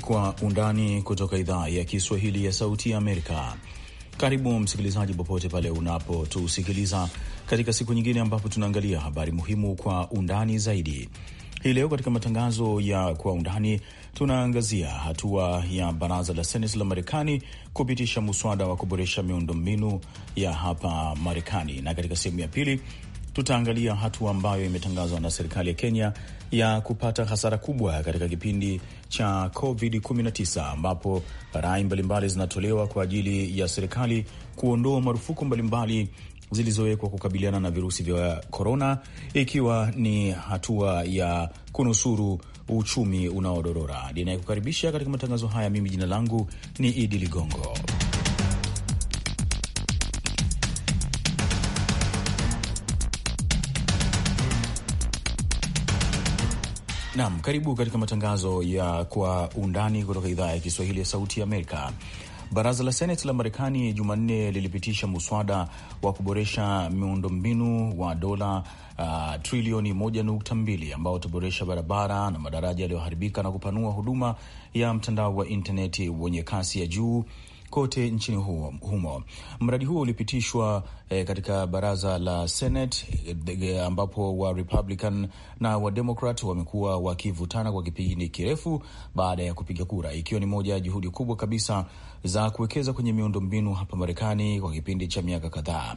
Kwa Undani kutoka idhaa ya Kiswahili ya Sauti ya Amerika. Karibu msikilizaji, popote pale unapotusikiliza katika siku nyingine ambapo tunaangalia habari muhimu kwa undani zaidi. Hii leo katika matangazo ya Kwa Undani tunaangazia hatua ya baraza la Seneti la Marekani kupitisha muswada wa kuboresha miundombinu ya hapa Marekani, na katika sehemu ya pili tutaangalia hatua ambayo imetangazwa na serikali ya Kenya ya kupata hasara kubwa katika kipindi cha COVID-19 ambapo rai mbalimbali zinatolewa kwa ajili ya serikali kuondoa marufuku mbalimbali zilizowekwa kukabiliana na virusi vya korona, ikiwa ni hatua ya kunusuru uchumi unaodorora. Ninayekukaribisha katika matangazo haya, mimi jina langu ni Idi Ligongo. Naam, karibu katika matangazo ya Kwa Undani kutoka idhaa ya Kiswahili ya Sauti ya Amerika. Baraza la Seneti la Marekani Jumanne lilipitisha muswada wa kuboresha miundombinu wa dola uh, trilioni 1.2 ambao utaboresha barabara na madaraja yaliyoharibika na kupanua huduma ya mtandao wa intaneti wenye kasi ya juu kote nchini humo. Mradi huo ulipitishwa eh, katika baraza la Senate eh, ambapo wa Republican na wa Democrat wamekuwa wakivutana kwa kipindi kirefu baada ya kupiga kura, ikiwa ni moja ya juhudi kubwa kabisa za kuwekeza kwenye miundombinu hapa Marekani kwa kipindi cha miaka kadhaa.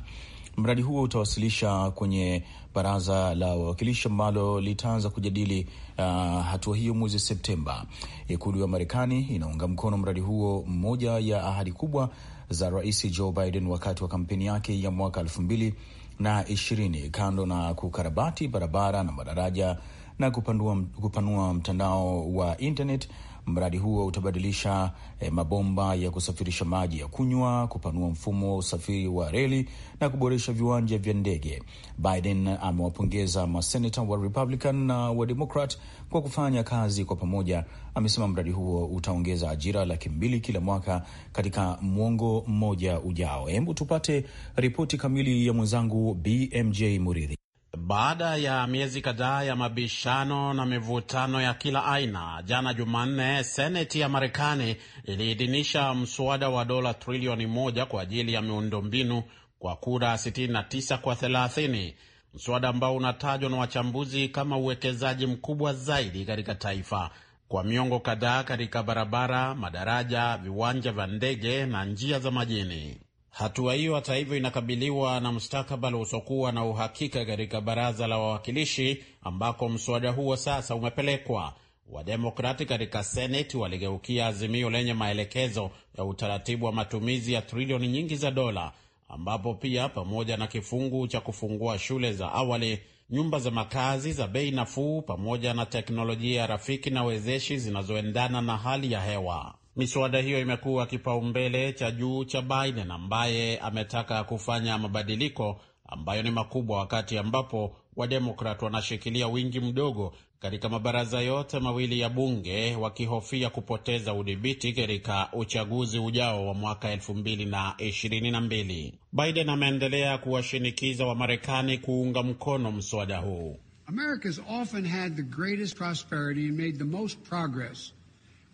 Mradi huo utawasilisha kwenye baraza la wawakilishi ambalo litaanza kujadili uh, hatua hiyo mwezi Septemba. Ikulu ya Marekani inaunga mkono mradi huo, mmoja ya ahadi kubwa za Rais Joe Biden wakati wa kampeni yake ya mwaka elfu mbili na ishirini, kando na kukarabati barabara na madaraja na kupanua, kupanua mtandao wa internet. Mradi huo utabadilisha e, mabomba ya kusafirisha maji ya kunywa, kupanua mfumo wa usafiri wa reli na kuboresha viwanja vya ndege. Biden amewapongeza masenata wa Republican na wa Democrat kwa kufanya kazi kwa pamoja. Amesema mradi huo utaongeza ajira laki mbili kila mwaka katika mwongo mmoja ujao. Hebu tupate ripoti kamili ya mwenzangu BMJ Muridhi. Baada ya miezi kadhaa ya mabishano na mivutano ya kila aina, jana Jumanne, seneti ya Marekani iliidhinisha mswada wa dola trilioni moja kwa ajili ya miundombinu kwa kura 69 kwa 30, mswada ambao unatajwa na wachambuzi kama uwekezaji mkubwa zaidi katika taifa kwa miongo kadhaa katika barabara, madaraja, viwanja vya ndege na njia za majini. Hatua hiyo hata hivyo inakabiliwa na mustakabali usiokuwa na uhakika katika baraza la wawakilishi ambako mswada huo sasa umepelekwa. Wademokrati katika seneti waligeukia azimio lenye maelekezo ya utaratibu wa matumizi ya trilioni nyingi za dola, ambapo pia pamoja na kifungu cha kufungua shule za awali, nyumba za makazi za bei nafuu, pamoja na teknolojia rafiki na wezeshi zinazoendana na hali ya hewa. Miswada hiyo imekuwa kipaumbele cha juu cha Biden ambaye ametaka kufanya mabadiliko ambayo ni makubwa, wakati ambapo Wademokrat wanashikilia wingi mdogo katika mabaraza yote mawili ya bunge wakihofia kupoteza udhibiti katika uchaguzi ujao wa mwaka 2022. Biden ameendelea kuwashinikiza Wamarekani kuunga mkono mswada huu. America has often had the greatest prosperity and made the most progress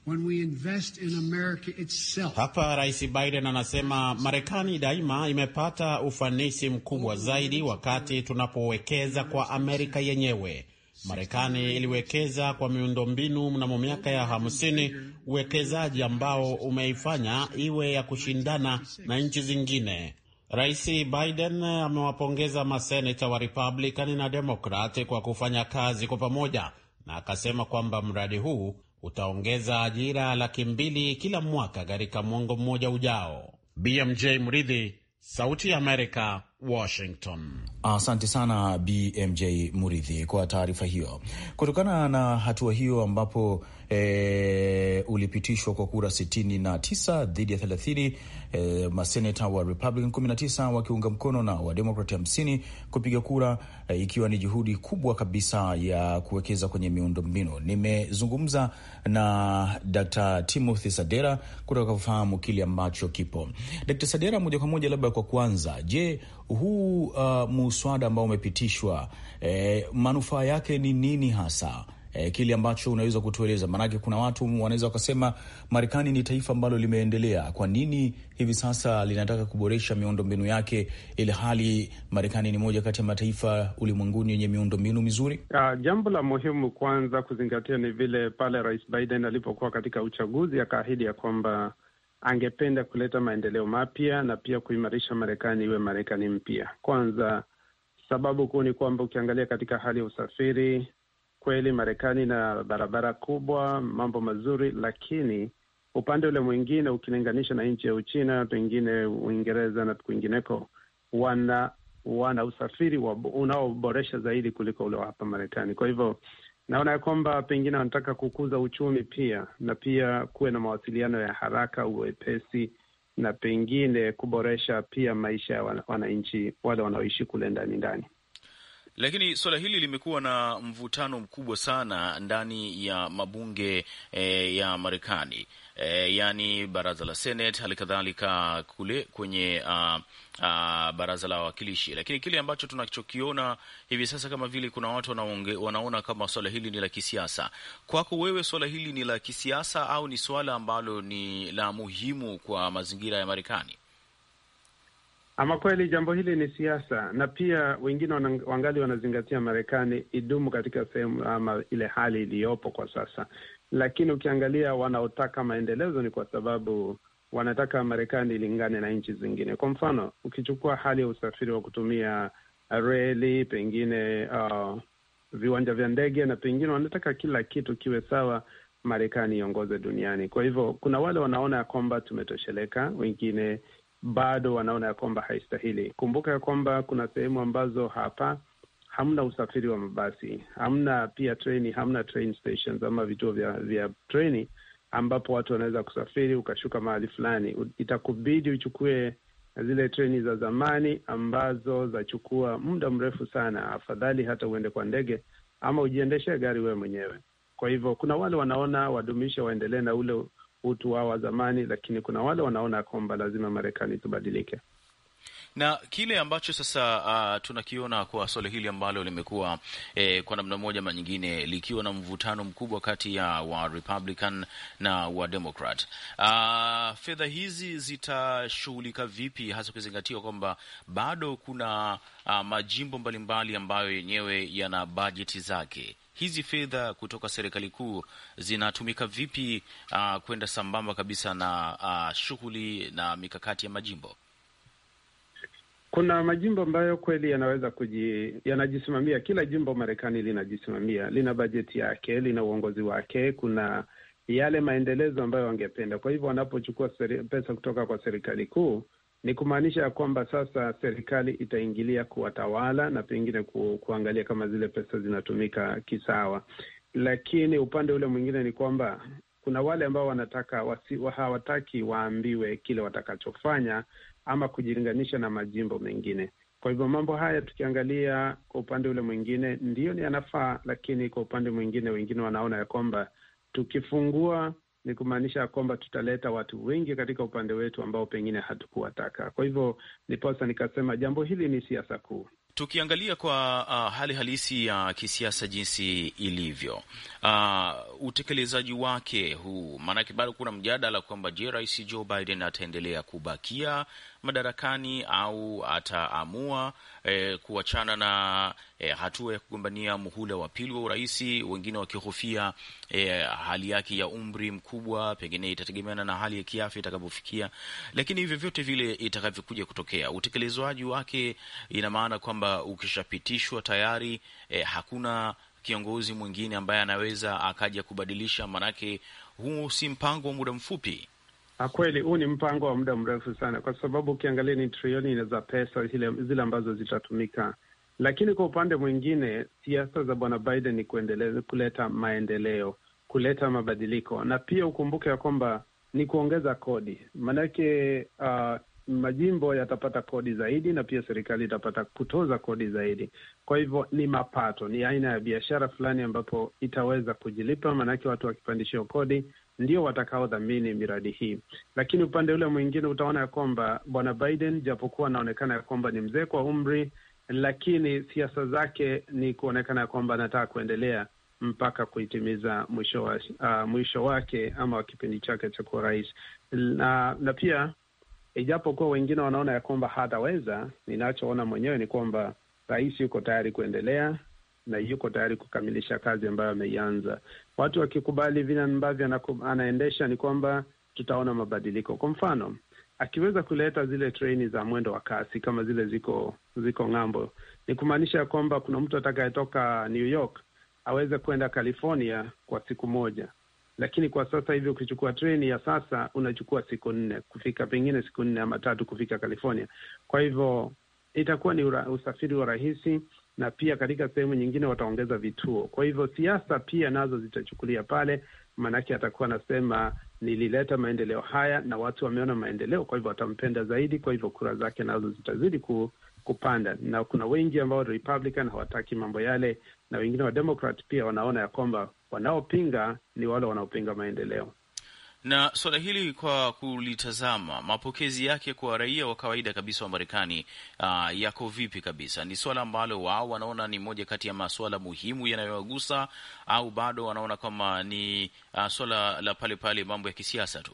When we invest in America itself. Hapa Rais Biden anasema Marekani daima imepata ufanisi mkubwa zaidi wakati tunapowekeza kwa Amerika yenyewe. Marekani iliwekeza kwa miundombinu mnamo miaka ya hamsini, uwekezaji ambao umeifanya iwe ya kushindana na nchi zingine. Rais Biden amewapongeza maseneta wa Republican na Demokrat kwa kufanya kazi kwa pamoja na akasema kwamba mradi huu utaongeza ajira laki mbili kila mwaka katika mwongo mmoja ujao. BMJ Mridhi, Sauti ya Amerika, Washington. Asante sana BMJ Muridhi kwa taarifa hiyo. Kutokana na hatua hiyo ambapo e, ulipitishwa kwa kura 69 dhidi ya 30, e, eh, maseneta wa Republican 19 wakiunga mkono na Wademokrat 50 kupiga kura e, ikiwa ni juhudi kubwa kabisa ya kuwekeza kwenye miundombinu. Nimezungumza na Dr. Timothy Sadera kutaka kufahamu kile ambacho kipo. Dr. Sadera, moja kwa moja labda kwa kwanza, je, huu uh, muswada ambao umepitishwa eh, manufaa yake ni nini hasa? Eh, kile ambacho unaweza kutueleza, maanake kuna watu wanaweza wakasema Marekani ni taifa ambalo limeendelea, kwa nini hivi sasa linataka kuboresha miundombinu yake, ili hali Marekani ni moja kati ya mataifa ulimwenguni yenye miundombinu mizuri? Uh, jambo la muhimu kwanza kuzingatia ni vile pale Rais Biden alipokuwa katika uchaguzi akaahidi ya kwamba angependa kuleta maendeleo mapya na pia kuimarisha Marekani iwe Marekani mpya. Kwanza, sababu kuu ni kwamba ukiangalia katika hali ya usafiri, kweli Marekani na barabara kubwa, mambo mazuri, lakini upande ule mwingine ukilinganisha na nchi ya Uchina, pengine Uingereza na kwingineko, wana wana usafiri unaoboresha zaidi kuliko ule wa hapa Marekani. Kwa hivyo naona ya kwamba pengine wanataka kukuza uchumi pia, na pia kuwe na mawasiliano ya haraka, uwepesi na pengine kuboresha pia maisha ya wananchi wale wanaoishi kule ndani ndani. Lakini suala hili limekuwa na mvutano mkubwa sana ndani ya mabunge e, ya Marekani e, yaani baraza la Senate, hali kadhalika kule kwenye a, ah, a, ah, baraza la wawakilishi, lakini kile ambacho tunachokiona hivi sasa kama vile kuna watu wanaona kama swala hili ni la kisiasa. Kwako wewe, swala hili ni la kisiasa au ni swala ambalo ni la muhimu kwa mazingira ya Marekani? Ama kweli jambo hili ni siasa, na pia wengine wangali wanazingatia Marekani idumu katika sehemu ama ile hali iliyopo kwa sasa, lakini ukiangalia wanaotaka maendelezo ni kwa sababu wanataka Marekani ilingane na nchi zingine. Kwa mfano, ukichukua hali ya usafiri wa kutumia reli, pengine uh, viwanja vya ndege na pengine, wanataka kila kitu kiwe sawa, Marekani iongoze duniani. Kwa hivyo kuna wale wanaona ya kwamba tumetosheleka, wengine bado wanaona ya kwamba haistahili. Kumbuka ya kwamba kuna sehemu ambazo hapa hamna usafiri wa mabasi, hamna pia treni, hamna train stations ama vituo vya, vya treni ambapo watu wanaweza kusafiri ukashuka mahali fulani. Itakubidi uchukue zile treni za zamani ambazo zachukua muda mrefu sana. Afadhali hata uende kwa ndege ama ujiendeshe gari wewe mwenyewe. Kwa hivyo kuna wale wanaona wadumishe, waendelee na ule utu wao wa zamani, lakini kuna wale wanaona kwamba lazima Marekani tubadilike na kile ambacho sasa uh, tunakiona kwa swala hili ambalo limekuwa eh, kwa namna moja ama nyingine likiwa na mvutano mkubwa kati ya wa Republican na wa Democrat. Uh, fedha hizi zitashughulika vipi, hasa ukizingatia kwamba bado kuna uh, majimbo mbalimbali ambayo yenyewe yana bajeti zake hizi fedha kutoka serikali kuu zinatumika vipi, uh, kwenda sambamba kabisa na uh, shughuli na mikakati ya majimbo? kuna majimbo ambayo kweli yanaweza kuji, yanajisimamia. Kila jimbo Marekani linajisimamia, lina bajeti yake, lina uongozi wake, kuna yale maendelezo ambayo wangependa. Kwa hivyo wanapochukua pesa kutoka kwa serikali kuu, ni kumaanisha ya kwamba sasa serikali itaingilia kuwatawala na pengine ku, kuangalia kama zile pesa zinatumika kisawa. Lakini upande ule mwingine ni kwamba kuna wale ambao wanataka wasi, hawataki waambiwe kile watakachofanya ama kujilinganisha na majimbo mengine. Kwa hivyo mambo haya tukiangalia kwa upande ule mwingine ndiyo ni yanafaa, lakini kwa upande mwingine wengine wanaona ya kwamba tukifungua ni kumaanisha ya kwamba tutaleta watu wengi katika upande wetu ambao pengine hatukuwataka. Kwa hivyo niposa nikasema jambo hili ni siasa kuu. Tukiangalia kwa uh, hali halisi ya uh, kisiasa jinsi ilivyo, uh, utekelezaji wake huu, maanake bado kuna mjadala kwamba je, Rais Joe Biden ataendelea kubakia madarakani au ataamua e, kuachana na e, hatua ya kugombania muhula wa pili wa urais, wengine wakihofia e, hali yake ya umri mkubwa, pengine itategemeana na hali ya kiafya itakavyofikia. Lakini hivyo vyote vile itakavyokuja kutokea, utekelezwaji wake, ina maana kwamba ukishapitishwa tayari e, hakuna kiongozi mwingine ambaye anaweza akaja kubadilisha, maanake huu si mpango wa muda mfupi Ah, kweli huu ni mpango wa muda mrefu sana, kwa sababu ukiangalia ni trilioni za pesa zile ambazo zitatumika, lakini kwa upande mwingine siasa za bwana Biden ni kuleta maendeleo, kuleta mabadiliko, na pia ukumbuke ya kwamba ni kuongeza kodi, maanake uh, ah, majimbo yatapata kodi zaidi na pia serikali itapata kutoza kodi zaidi. Kwa hivyo ni mapato, ni aina ya biashara fulani ambapo itaweza kujilipa, maanake watu wakipandishiwa kodi ndio watakaodhamini miradi hii. Lakini upande ule mwingine utaona ya kwamba bwana Biden japokuwa anaonekana ya kwamba ni mzee kwa umri, lakini siasa zake ni kuonekana ya kwamba anataka kuendelea mpaka kuitimiza mwisho, wa, uh, mwisho wake ama wa kipindi chake cha kuwa rais na, na pia ijapokuwa wengine wanaona ya kwamba hataweza, ninachoona mwenyewe ni kwamba rais yuko tayari kuendelea na yuko tayari kukamilisha kazi ambayo ameianza. Watu wakikubali vile ambavyo anaendesha, ni kwamba tutaona mabadiliko. Kwa mfano, akiweza kuleta zile treni za mwendo wa kasi kama zile ziko ziko ng'ambo, ni kumaanisha kwamba kuna mtu atakayetoka New York aweze kwenda California kwa siku moja, lakini kwa sasa hivi ukichukua treni ya sasa unachukua siku nne kufika, pengine siku nne ama tatu kufika California. Kwa hivyo itakuwa ni ura, usafiri wa rahisi na pia katika sehemu nyingine wataongeza vituo. Kwa hivyo siasa pia nazo zitachukulia pale, maanake atakuwa anasema nilileta maendeleo haya na watu wameona maendeleo, kwa hivyo watampenda zaidi. Kwa hivyo kura zake nazo zitazidi ku, kupanda, na kuna wengi ambao Republican hawataki mambo yale, na wengine wa Democrat pia wanaona ya kwamba wanaopinga ni wale wanaopinga maendeleo na suala hili kwa kulitazama mapokezi yake kwa raia wa kawaida kabisa wa Marekani uh, yako vipi kabisa? Ni suala ambalo wao wanaona ni moja kati ya masuala muhimu yanayowagusa au bado wanaona kwamba ni uh, ah, suala la pale pale, mambo ya kisiasa tu?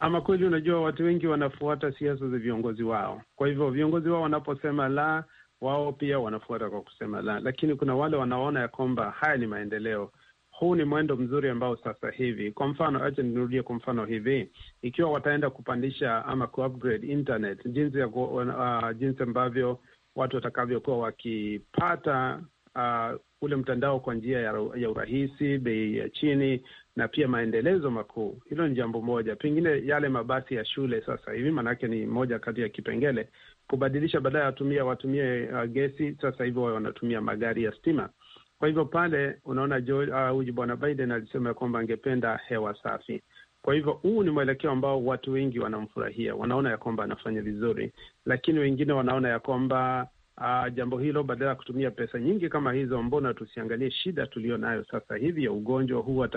Ama kweli, unajua watu wengi wanafuata siasa za viongozi wao. Kwa hivyo viongozi wao wanaposema la, wao pia wanafuata kwa kusema la, lakini kuna wale wanaona ya kwamba haya ni maendeleo huu ni mwendo mzuri ambao sasa hivi, kwa mfano, acha nirudie, kwa mfano hivi, ikiwa wataenda kupandisha ama kuupgrade internet, jinsi ya uh, jinsi ambavyo watu watakavyokuwa wakipata uh, ule mtandao kwa njia ya, ya urahisi, bei ya chini na pia maendelezo makuu. Hilo ni jambo moja. Pengine yale mabasi ya shule sasa hivi, maanake ni moja kati ya kipengele kubadilisha, baadaye watumia watumie uh, gesi. Sasa hivi wao wanatumia magari ya stima. Kwa hivyo pale unaona ah, huyu uh, bwana Biden alisema kwamba angependa hewa safi. Kwa hivyo huu ni mwelekeo ambao watu wengi wanamfurahia, wanaona ya kwamba anafanya vizuri, lakini wengine wanaona ya kwamba Uh, jambo hilo badala ya kutumia pesa nyingi kama hizo, mbona tusiangalie shida tuliyo nayo sasa hivi ya ugonjwa huu wa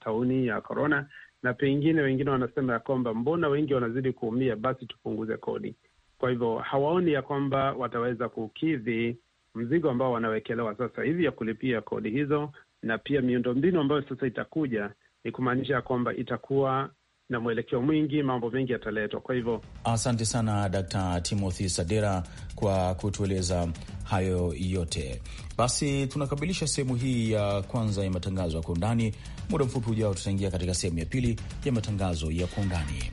tauni ya korona, na pengine wengine wanasema ya kwamba mbona wengi wanazidi kuumia, basi tupunguze kodi. Kwa hivyo hawaoni ya kwamba wataweza kukidhi mzigo ambao wanawekelewa sasa hivi ya kulipia kodi hizo, na pia miundombinu ambayo sasa itakuja, ni kumaanisha kwamba itakuwa na mwelekeo mwingi, mambo mengi yataletwa. Kwa hivyo, asante sana Dkt. Timothy Sadera kwa kutueleza hayo yote. Basi tunakamilisha sehemu hii ya kwanza ya matangazo ya kwa undani. Muda mfupi ujao, tutaingia katika sehemu ya pili ya matangazo ya kwa undani.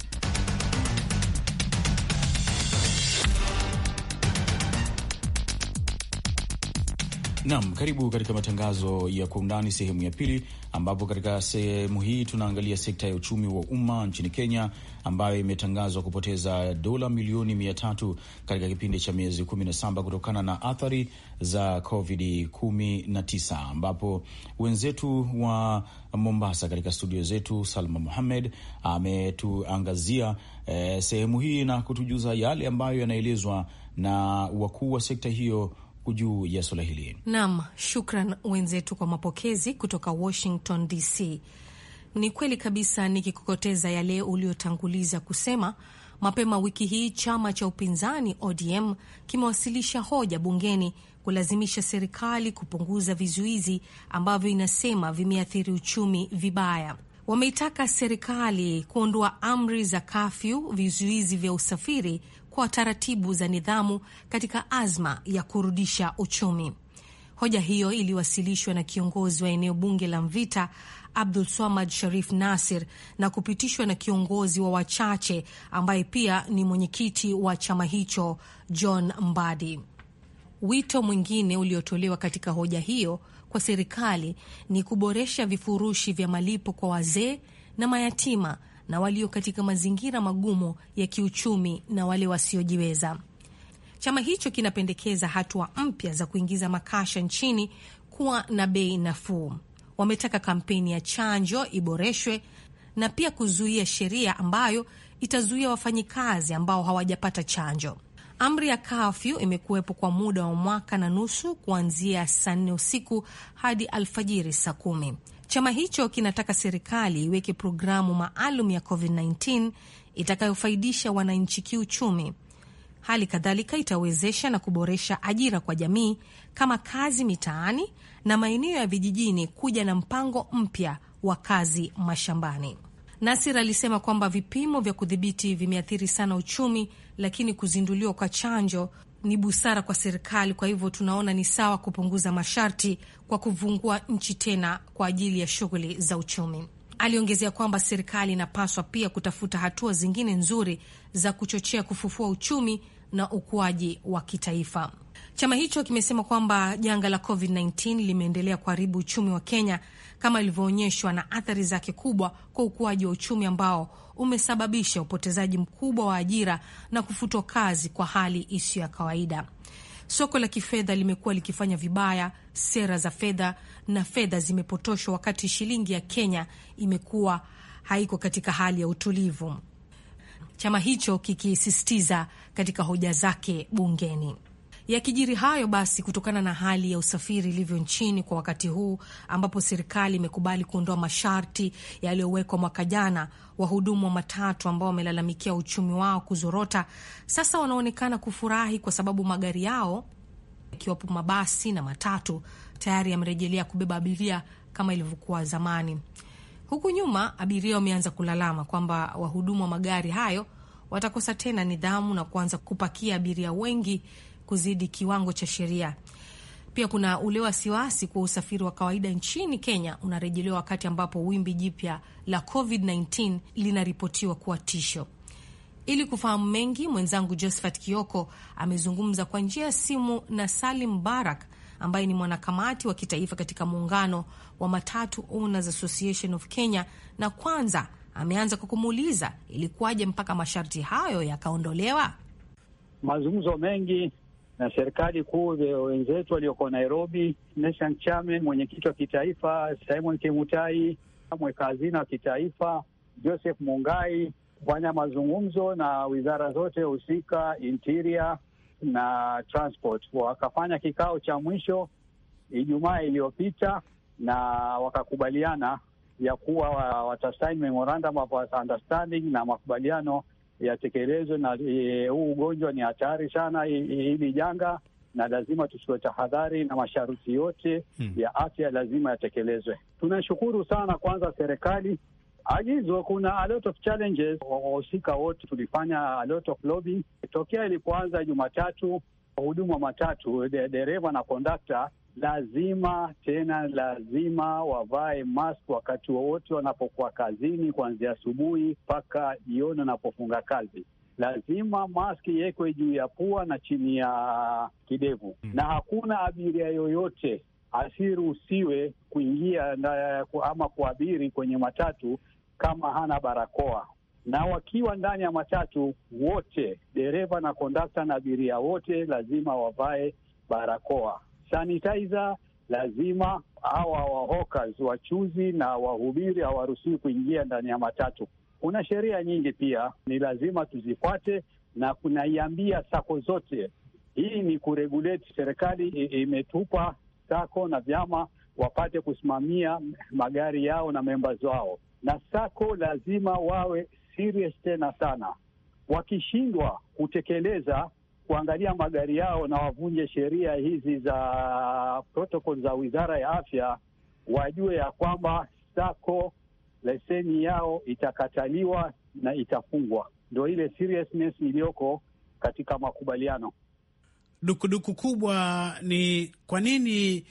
Naam, karibu katika matangazo ya kwa undani sehemu ya pili, ambapo katika sehemu hii tunaangalia sekta ya uchumi wa umma nchini Kenya ambayo imetangazwa kupoteza dola milioni mia tatu katika kipindi cha miezi kumi na saba kutokana na athari za COVID 19, ambapo wenzetu wa Mombasa katika studio zetu Salma Muhamed ametuangazia eh, sehemu hii na kutujuza yale ambayo yanaelezwa na wakuu wa sekta hiyo juu ya suala hili. Naam, shukran wenzetu kwa mapokezi kutoka Washington DC. Ni kweli kabisa, nikikokoteza yale uliotanguliza kusema Mapema wiki hii chama cha upinzani ODM kimewasilisha hoja bungeni kulazimisha serikali kupunguza vizuizi ambavyo inasema vimeathiri uchumi vibaya. Wameitaka serikali kuondoa amri za kafyu, vizuizi vya usafiri kwa taratibu za nidhamu katika azma ya kurudisha uchumi. Hoja hiyo iliwasilishwa na kiongozi wa eneo bunge la Mvita Abdul Swamad Sharif Nasir na kupitishwa na kiongozi wa wachache ambaye pia ni mwenyekiti wa chama hicho John Mbadi. Wito mwingine uliotolewa katika hoja hiyo kwa serikali ni kuboresha vifurushi vya malipo kwa wazee na mayatima na walio katika mazingira magumu ya kiuchumi na wale wasiojiweza. Chama hicho kinapendekeza hatua mpya za kuingiza makasha nchini kuwa na bei nafuu. Wametaka kampeni ya chanjo iboreshwe na pia kuzuia sheria ambayo itazuia wafanyikazi ambao hawajapata chanjo. Amri ya kafyu imekuwepo kwa muda wa mwaka na nusu kuanzia saa nne usiku hadi alfajiri saa kumi. Chama hicho kinataka serikali iweke programu maalum ya COVID-19 itakayofaidisha wananchi kiuchumi. Hali kadhalika itawezesha na kuboresha ajira kwa jamii kama kazi mitaani na maeneo ya vijijini kuja na mpango mpya wa kazi mashambani. Nasir alisema kwamba vipimo vya kudhibiti vimeathiri sana uchumi, lakini kuzinduliwa kwa chanjo ni busara kwa serikali. Kwa hivyo tunaona ni sawa kupunguza masharti kwa kufungua nchi tena kwa ajili ya shughuli za uchumi. Aliongezea kwamba serikali inapaswa pia kutafuta hatua zingine nzuri za kuchochea kufufua uchumi na ukuaji wa kitaifa. Chama hicho kimesema kwamba janga la COVID-19 limeendelea kuharibu uchumi wa Kenya kama ilivyoonyeshwa na athari zake kubwa kwa ukuaji wa uchumi ambao umesababisha upotezaji mkubwa wa ajira na kufutwa kazi kwa hali isiyo ya kawaida. Soko la kifedha limekuwa likifanya vibaya sera za fedha na fedha zimepotoshwa, wakati shilingi ya Kenya imekuwa haiko katika hali ya utulivu, chama hicho kikisisitiza katika hoja zake bungeni. Yakijiri hayo basi, kutokana na hali ya usafiri ilivyo nchini kwa wakati huu, ambapo serikali imekubali kuondoa masharti yaliyowekwa mwaka jana, wahudumu wa matatu ambao wamelalamikia uchumi wao kuzorota sasa wanaonekana kufurahi kwa sababu magari yao ikiwapo mabasi na matatu tayari yamerejelea kubeba abiria kama ilivyokuwa zamani. Huku nyuma abiria wameanza kulalama kwamba wahudumu wa magari hayo watakosa tena nidhamu na kuanza kupakia abiria wengi kuzidi kiwango cha sheria. Pia kuna ule wasiwasi kuwa usafiri wa kawaida nchini Kenya unarejelewa wakati ambapo wimbi jipya la COVID-19 linaripotiwa kuwa tisho. Ili kufahamu mengi, mwenzangu Josephat Kioko amezungumza kwa njia ya simu na Salim Barak ambaye ni mwanakamati wa kitaifa katika muungano wa Matatu Owners Association of Kenya, na kwanza ameanza kwa kumuuliza ilikuwaje mpaka masharti hayo yakaondolewa. Mazungumzo mengi na serikali kuu wenzetu walioko Nairobi, Nation Chairman, mwenyekiti wa kitaifa Simon Kimutai, mweka hazina wa kitaifa Joseph Mungai, kufanya mazungumzo na wizara zote husika, interior na transport. Wakafanya kikao cha mwisho Ijumaa iliyopita na wakakubaliana ya kuwa watasaini memorandum of understanding na makubaliano yatekelezwe, na e, huu ugonjwa ni hatari sana, hili janga, na lazima tuchukue tahadhari na masharti yote hmm, ya afya lazima yatekelezwe. Tunashukuru sana kwanza serikali agizo kuna a lot of challenges. Wahusika wote tulifanya a lot of lobbying tokea ilipoanza Jumatatu. wa matatu, dereva na kondakta lazima tena lazima wavae mask wakati wowote wanapokuwa kazini, kuanzia asubuhi mpaka jioni wanapofunga kazi. Lazima mask iwekwe juu ya pua na chini ya kidevu mm. Na hakuna abiria yoyote asiruhusiwe kuingia na, ama kuabiri kwenye matatu kama hana barakoa. Na wakiwa ndani ya matatu wote, dereva na kondakta na abiria wote lazima wavae barakoa sanitizer lazima hawa wahokers wachuzi na wahubiri hawaruhusiwi kuingia ndani ya matatu. Kuna sheria nyingi pia ni lazima tuzifuate, na kunaiambia sako zote, hii ni kuregulate. Serikali imetupa sako na vyama wapate kusimamia magari yao na members wao, na sako lazima wawe serious tena sana. Wakishindwa kutekeleza kuangalia magari yao na wavunje sheria hizi za protokol za Wizara ya Afya, wajue ya kwamba sako leseni yao itakataliwa na itafungwa. Ndio ile seriousness iliyoko katika makubaliano. Dukuduku kubwa ni kwa nini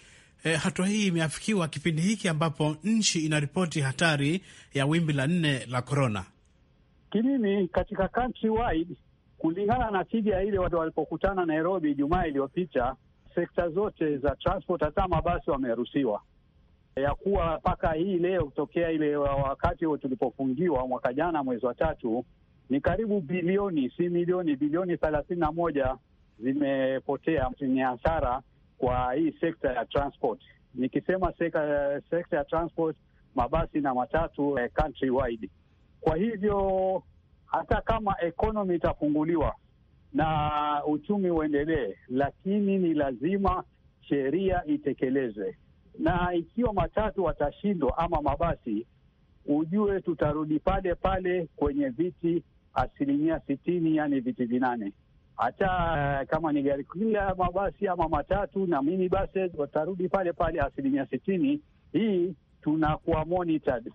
eh, hatua hii imeafikiwa kipindi hiki ambapo nchi inaripoti hatari ya wimbi la nne la korona. kinini katika countrywide Kulingana na tija ile watu walipokutana Nairobi Ijumaa iliyopita, sekta zote za transport, hata mabasi wameruhusiwa ya kuwa mpaka hii leo kutokea ile wakati huo tulipofungiwa mwaka jana mwezi wa tatu, ni karibu bilioni si milioni, bilioni thelathini na moja zimepotea. Ni hasara kwa hii sekta ya transport. Nikisema sekta, sekta ya transport, mabasi na matatu eh, countrywide. Kwa hivyo hata kama ekonomi itafunguliwa na uchumi uendelee, lakini ni lazima sheria itekelezwe, na ikiwa matatu watashindwa ama mabasi, ujue tutarudi pale pale kwenye viti asilimia sitini, yani viti vinane. Hata eh, kama ni gari kila mabasi ama matatu na mini buses watarudi pale pale asilimia sitini. Hii tunakuwa monitored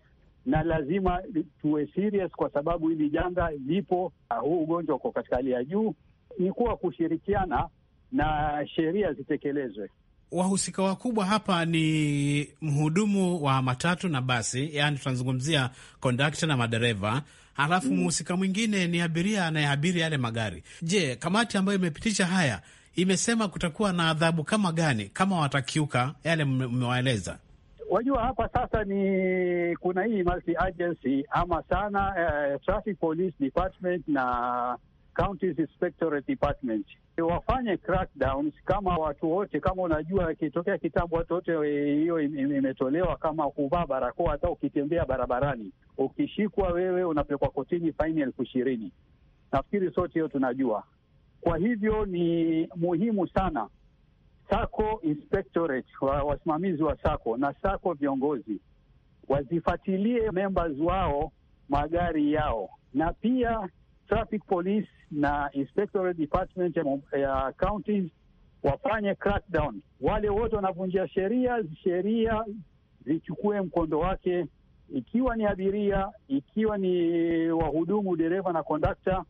na lazima tuwe serious kwa sababu hili janga lipo. Huu ugonjwa uko katika hali ya juu, ni kuwa kushirikiana na sheria zitekelezwe. Wahusika wakubwa hapa ni mhudumu wa matatu na basi, yaani tunazungumzia kondakta na madereva, halafu mm. mhusika mm, mwingine ni abiria anayeabiri yale magari. Je, kamati ambayo imepitisha haya imesema kutakuwa na adhabu kama gani kama watakiuka yale mmewaeleza? Wajua hapa sasa ni kuna hii multi agency ama sana eh, traffic police department na county inspectorate department wafanye crackdowns kama watu wote, kama unajua, ikitokea kitabu watu wote eh, hiyo imetolewa, kama kuvaa barakoa, hata ukitembea barabarani ukishikwa wewe unapelekwa kotini, faini elfu ishirini. Nafikiri sote hiyo tunajua. Kwa hivyo ni muhimu sana Sako Inspectorate wa wasimamizi wa Sako na Sako viongozi wazifatilie members wao magari yao, na pia traffic police na inspectorate department ya counties wafanye crackdown. Wale wote wanavunjia sheria, sheria zichukue mkondo wake, ikiwa ni abiria, ikiwa ni wahudumu, dereva na kondakta,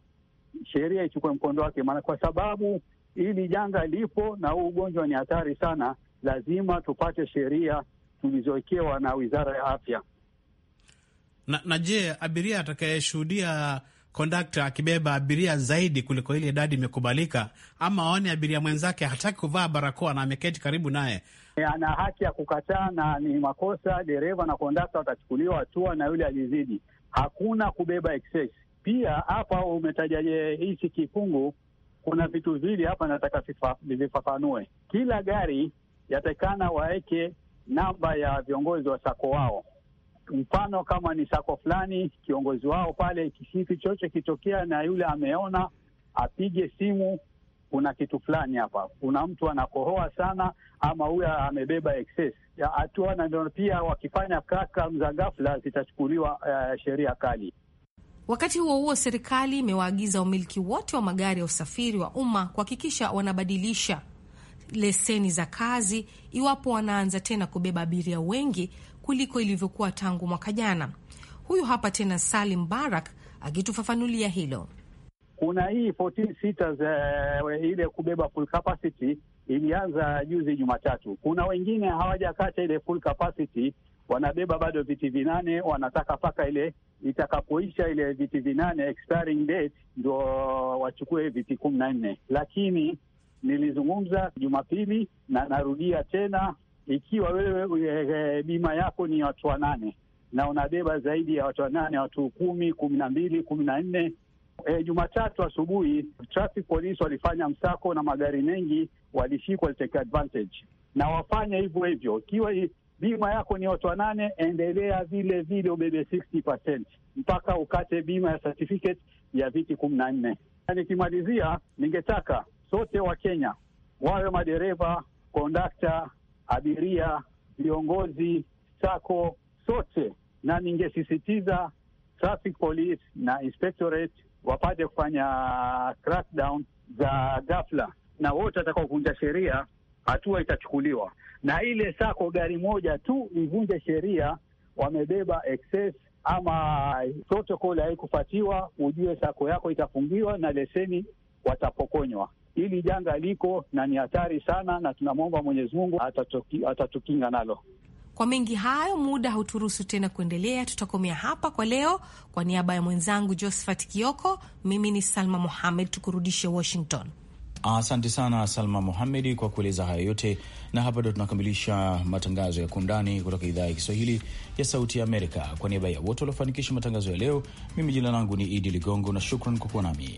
sheria ichukue mkondo wake, maana kwa sababu hili janga lipo na huu ugonjwa ni hatari sana, lazima tupate sheria tulizowekewa na Wizara ya Afya. Na, na je, abiria atakayeshuhudia kondakta akibeba abiria zaidi kuliko ile idadi imekubalika, ama aone abiria mwenzake hataki kuvaa barakoa na ameketi karibu naye, ana haki ya kukataa na ni makosa. Dereva na kondakta watachukuliwa hatua na yule alizidi. Hakuna kubeba excess. Pia hapa umetaja eh, hichi kifungu kuna vitu vili hapa nataka vifafanue. Kila gari yatakana waweke namba ya viongozi wa sako wao. Mfano, kama ni sako fulani, kiongozi wao pale, kitu chochote kitokea na yule ameona, apige simu kuna kitu fulani hapa, kuna mtu anakohoa sana, ama huyo amebeba excess atua, Na pia wakifanya kaka za ghafla zitachukuliwa uh, sheria kali. Wakati huo huo, serikali imewaagiza wamiliki wote wa magari ya usafiri wa umma kuhakikisha wanabadilisha leseni za kazi iwapo wanaanza tena kubeba abiria wengi kuliko ilivyokuwa tangu mwaka jana. Huyu hapa tena Salim Barak akitufafanulia hilo. Kuna hii 14 seaters uh, ile kubeba full capacity ilianza juzi Jumatatu. Kuna wengine hawajakata ile full capacity wanabeba bado viti vinane, wanataka mpaka ile itakapoisha ile viti vinane expiring date ndio wachukue viti kumi na nne. Lakini nilizungumza Jumapili na narudia tena, ikiwa wewe eh, eh, bima yako ni watu wanane na unabeba zaidi ya watu wanane, watu kumi, kumi na mbili, kumi na nne. E, Jumatatu asubuhi traffic police walifanya msako na magari mengi walishikwa, waliteke advantage na wafanye hivyo hivyo, ikiwa bima yako ni watu wanane, endelea vile vile ubebe 60% mpaka ukate bima ya certificate ya viti kumi na nne. Nikimalizia, ningetaka sote wa Kenya wawe madereva, kondakta, abiria, viongozi, sako sote, na ningesisitiza traffic police na inspectorate wapate kufanya crackdown za ghafla, na wote watakaovunja sheria hatua itachukuliwa na ile sako gari moja tu ivunje sheria, wamebeba excess ama protocol haikufatiwa, ujue sako yako itafungiwa na leseni watapokonywa. Hili janga liko na ni hatari sana, na tunamwomba Mwenyezi Mungu atatukinga nalo. Kwa mengi hayo, muda hauturuhusu tena kuendelea, tutakomea hapa kwa leo. Kwa niaba ya mwenzangu Josephat Kioko, mimi ni Salma Mohamed, tukurudishe Washington. Asante sana Salma Muhamedi kwa kueleza hayo yote, na hapa ndo tunakamilisha matangazo ya kundani kutoka idhaa ya Kiswahili ya Sauti ya Amerika. Kwa niaba ya wote waliofanikisha matangazo ya leo, mimi jina langu ni Idi Ligongo na shukran kwa kuwa nami.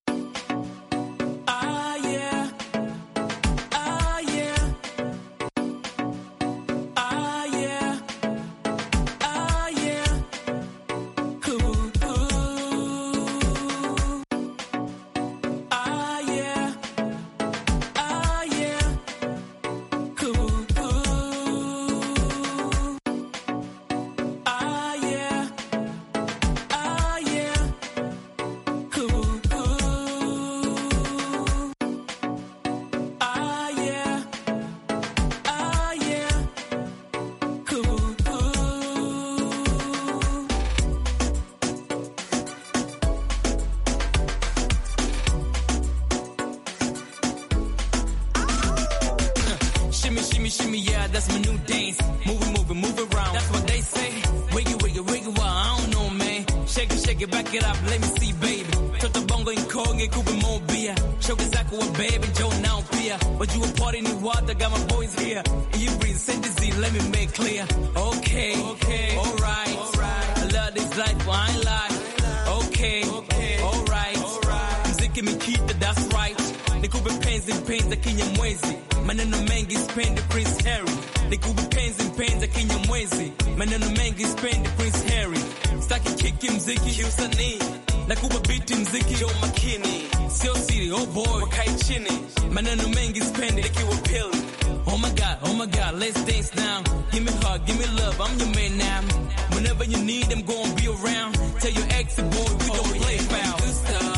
kuwa baby Joe now fear, but you a party new water. got my boys here and you breathe sympathy let me make clear okay okay all right all right I love this life but I ain't lie okay okay all right all right keep it. that's right They pains pains and nikupe penzi mpenza kinyamwezi maneno mengi spend Prince Harry They pains pains and nikupe penzi mpenza kinyamwezi maneno mengi spend Prince Harry sitaki kiki mziki kiusanii na kupa biti mziki yo makini sio siri oh boy wakai chini maneno mengi spendi ikiwa pili Oh my god, oh my god, let's dance now. Give me hug, give me love, I'm your man now. Whenever you need, I'm gonna be around. Tell your ex boy we don't oh, play foul.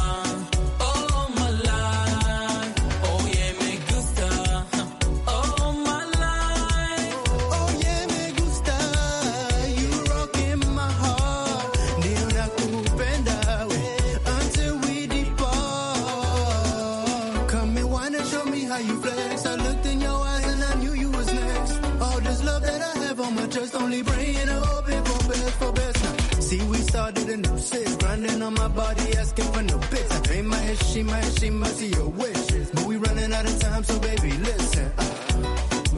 just only praying and hoping for best, for best. See, we started a new sis, grinding on my body, asking for no bits. I dream my head, she my head, she must see your wishes. But we running out of time, so baby, listen.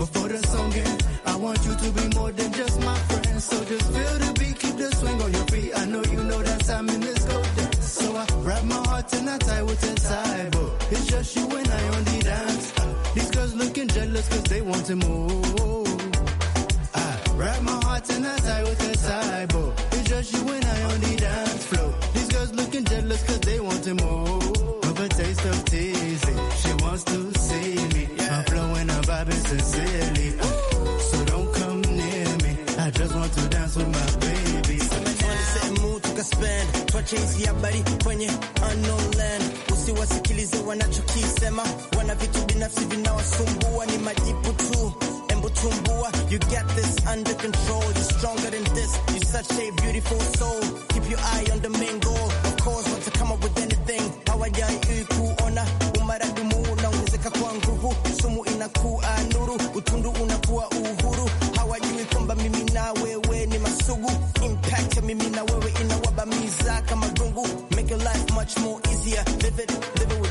Before the song ends, I want you to be more than just my friend. So just feel the beat, keep the swing on your feet. I know you know that I'm in this golden. So I wrap my heart and I tie with a tie, but it's just you and I on the dance. These girls looking jealous cause they want to move. Wrap my heart in a side with a side, boy. It's just you and I on the dance floor. These girls looking jealous cause they want more. Of a taste of teasing. She wants to see me. I'm flowing, I'm vibing sincerely. Uh, so don't come near me. I just want to dance with my baby. Sehemu tukaspend when you kwenye unknown land, usiwasikilize wanachokisema, wana vitu binafsi vinawasumbua, ni majipu tu kukuchumbua. You get this under control, you're stronger than this. You're such a beautiful soul. Keep your eye on the main goal. Of course, want to come up with anything. Hawajai kuona umaradumu unaongezeka kwa nguvu, sumu inakuwa nuru, utundu unakuwa uhuru. Hawajui kwamba mimi na wewe ni masugu, impact ya mimi na wewe inawabamiza kama gungu. Make your life much more easier, live it, live it